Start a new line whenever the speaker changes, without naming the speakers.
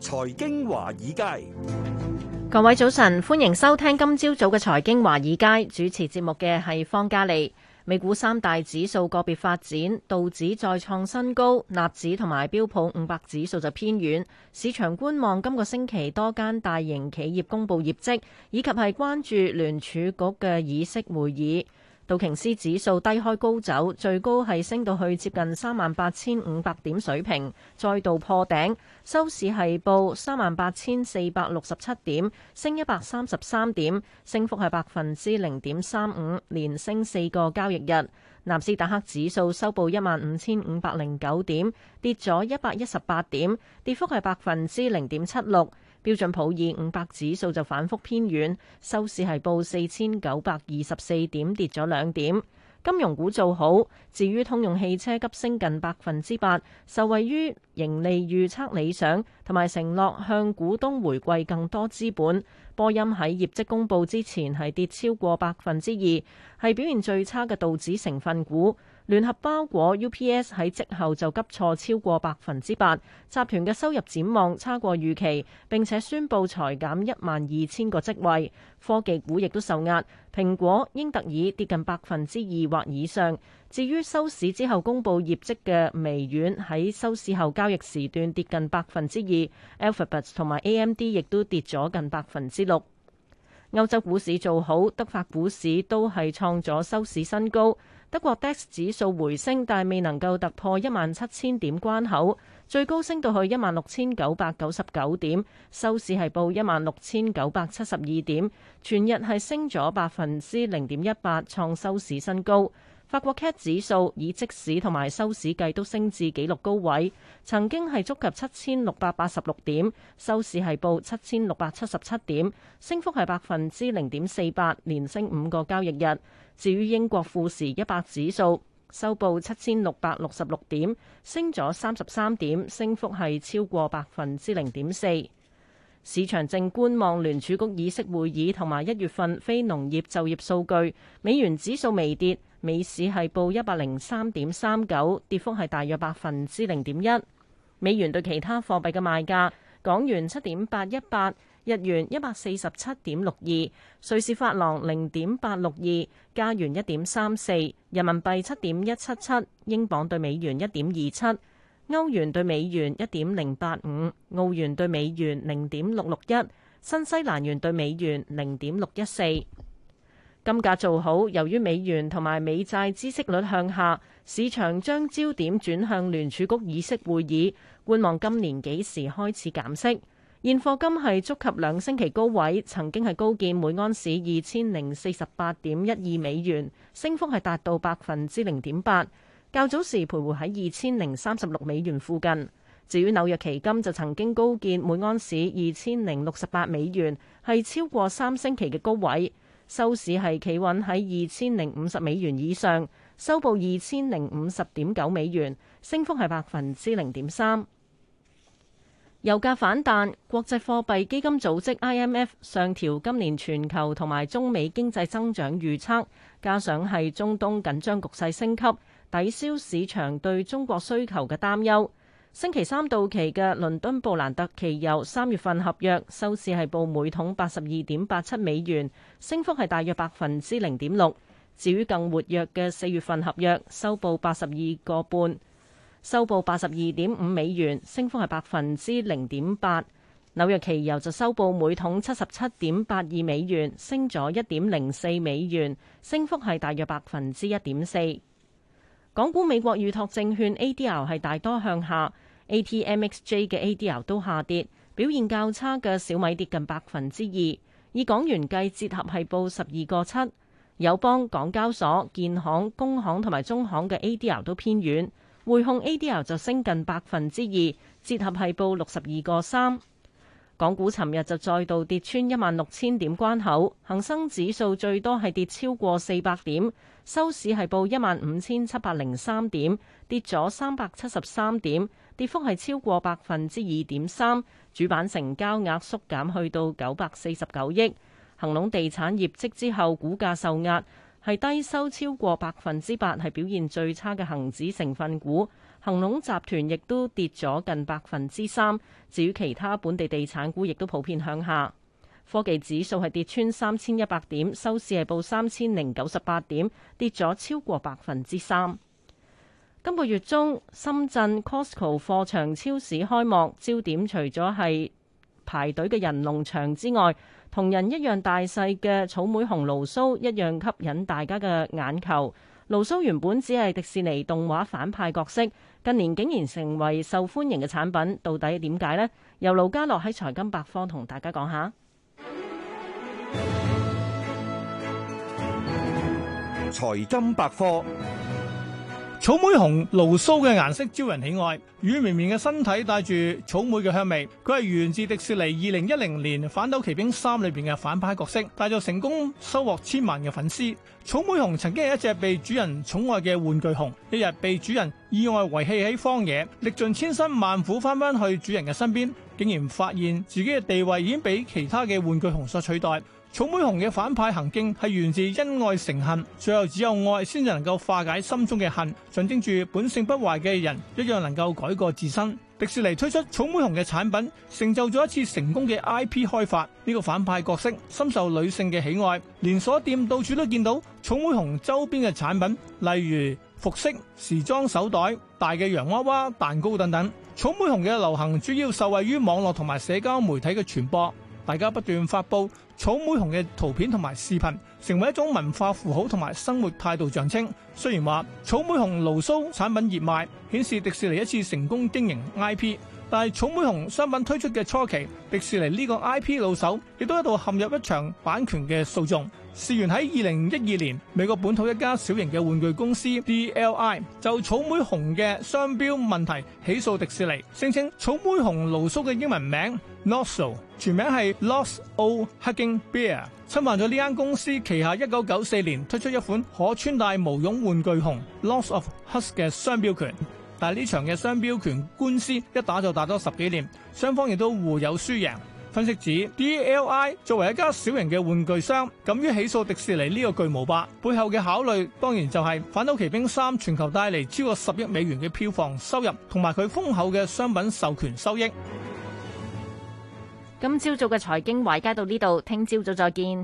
財經華爾街，
各位早晨，歡迎收聽今朝早嘅財經華爾街。主持節目嘅係方嘉利。美股三大指數個別發展，道指再創新高，納指同埋標普五百指數就偏軟。市場觀望今個星期多間大型企業公布業績，以及係關注聯儲局嘅議息會議。道瓊斯指數低開高走，最高係升到去接近三萬八千五百點水平，再度破頂，收市係報三萬八千四百六十七點，升一百三十三點，升幅係百分之零點三五，連升四個交易日。納斯達克指數收報一萬五千五百零九點，跌咗一百一十八點，跌幅係百分之零點七六。標準普爾五百指數就反覆偏軟，收市係報四千九百二十四點，跌咗兩點。金融股做好，至於通用汽車急升近百分之八，受惠於盈利預測理想，同埋承諾向股東回饋更多資本。波音喺業績公布之前係跌超過百分之二，係表現最差嘅道指成分股。聯合包裹 UPS 喺即後就急挫超過百分之八，集團嘅收入展望差過預期，並且宣布裁減一萬二千個職位。科技股亦都受壓，蘋果、英特爾跌近百分之二或以上。至於收市之後公布業績嘅微軟喺收市後交易時段跌近百分之二，Alphabet 同埋 AMD 亦都跌咗近百分之六。歐洲股市做好，德法股市都係創咗收市新高。德國 DAX 指數回升，但未能夠突破一萬七千點關口，最高升到去一萬六千九百九十九點，收市係報一萬六千九百七十二點，全日係升咗百分之零點一八，創收市新高。法國 CAC 指數以即市同埋收市計都升至紀錄高位，曾經係觸及七千六百八十六點，收市係報七千六百七十七點，升幅係百分之零點四八，連升五個交易日。至於英國富時一百指數收報七千六百六十六點，升咗三十三點，升幅係超過百分之零點四。市場正觀望聯儲局議息會議同埋一月份非農業就業數據。美元指數微跌，美市係報一百零三點三九，跌幅係大約百分之零點一。美元對其他貨幣嘅賣價：港元七點八一八，日元一百四十七點六二，瑞士法郎零點八六二，加元一點三四，人民幣七點一七七，英鎊對美元一點二七。歐元對美元一點零八五，澳元對美元零點六六一，新西蘭元對美元零點六一四。金價做好，由於美元同埋美債孳息率向下，市場將焦點轉向聯儲局議息會議，觀望今年幾時開始減息。現貨金係觸及兩星期高位，曾經係高見每安士二千零四十八點一二美元，升幅係達到百分之零點八。較早時徘徊喺二千零三十六美元附近。至於紐約期金，就曾經高見每安士二千零六十八美元，係超過三星期嘅高位。收市係企穩喺二千零五十美元以上，收報二千零五十點九美元，升幅係百分之零點三。油價反彈，國際貨幣基金組織 IMF 上調今年全球同埋中美經濟增長預測，加上係中東緊張局勢升級。抵消市場對中國需求嘅擔憂。星期三到期嘅倫敦布蘭特期油三月份合約收市係報每桶八十二點八七美元，升幅係大約百分之零點六。至於更活躍嘅四月份合約收報八十二個半，收報八十二點五美元，升幅係百分之零點八。紐約期油就收報每桶七十七點八二美元，升咗一點零四美元，升幅係大約百分之一點四。港股、美國預託證券 ADR 係大多向下，ATMXJ 嘅 ADR 都下跌，表現較差嘅小米跌近百分之二，以港元計折合係報十二個七。友邦、港交所、建行、工行同埋中行嘅 ADR 都偏遠，匯控 ADR 就升近百分之二，折合係報六十二個三。港股尋日就再度跌穿一萬六千點關口，恒生指數最多係跌超過四百點，收市係報一萬五千七百零三點，跌咗三百七十三點，跌幅係超過百分之二點三。主板成交額縮減，減去到九百四十九億。恒隆地產業績之後，股價受壓，係低收超過百分之八，係表現最差嘅恒指成分股。恒隆集團亦都跌咗近百分之三，至於其他本地地產股亦都普遍向下。科技指數係跌穿三千一百點，收市係報三千零九十八點，跌咗超過百分之三。今個月中，深圳 Costco 貨場超市開幕，焦點除咗係排隊嘅人龍長之外，同人一樣大細嘅草莓紅蘆蘇一樣吸引大家嘅眼球。勞蘇原本只係迪士尼動畫反派角色，近年竟然成為受歡迎嘅產品，到底點解呢？由盧家樂喺財金百科同大家講下。
財金百科。草莓熊牢騷嘅顏色招人喜愛，軟綿綿嘅身體帶住草莓嘅香味。佢係源自迪士尼二零一零年《反斗奇兵三》裏邊嘅反派角色，但就成功收穫千萬嘅粉絲。草莓熊曾經係一隻被主人寵愛嘅玩具熊，一日被主人意外遺棄喺荒野，歷盡千辛萬苦翻返去主人嘅身邊，竟然發現自己嘅地位已經俾其他嘅玩具熊所取代。草莓熊嘅反派行徑係源自恩愛成恨，最後只有愛先至能夠化解心中嘅恨，象徵住本性不壞嘅人一樣能夠改過自身。迪士尼推出草莓熊嘅產品，成就咗一次成功嘅 IP 開發。呢個反派角色深受女性嘅喜愛，連鎖店到處都見到草莓熊周邊嘅產品，例如服飾、時裝、手袋、大嘅洋娃娃、蛋糕等等。草莓熊嘅流行主要受惠於網絡同埋社交媒體嘅傳播。大家不斷發布草莓熊嘅圖片同埋視頻，成為一種文化符號同埋生活態度象徵。雖然話草莓熊勞蘇產品熱賣，顯示迪士尼一次成功經營 I P，但係草莓熊商品推出嘅初期，迪士尼呢個 I P 老手亦都一度陷入一場版權嘅訴訟。事源喺二零一二年，美國本土一家小型嘅玩具公司 D.L.I 就草莓熊嘅商標問題起訴迪士尼，聲稱草莓熊盧叔嘅英文名 Lotso 全名係 Lots O Hugging Bear，侵犯咗呢間公司旗下一九九四年推出一款可穿戴毛絨玩具熊 Lots of Hugs 嘅商標權。但係呢場嘅商標權官司一打就打咗十幾年，雙方亦都互有輸贏。分析指，D L I 作為一家小型嘅玩具商，敢於起訴迪士尼呢個巨無霸，背後嘅考慮當然就係、是《反斗奇兵三》全球帶嚟超過十億美元嘅票房收入，同埋佢豐厚嘅商品授權收益。
今朝早嘅財經華爾街到呢度，聽朝早再見。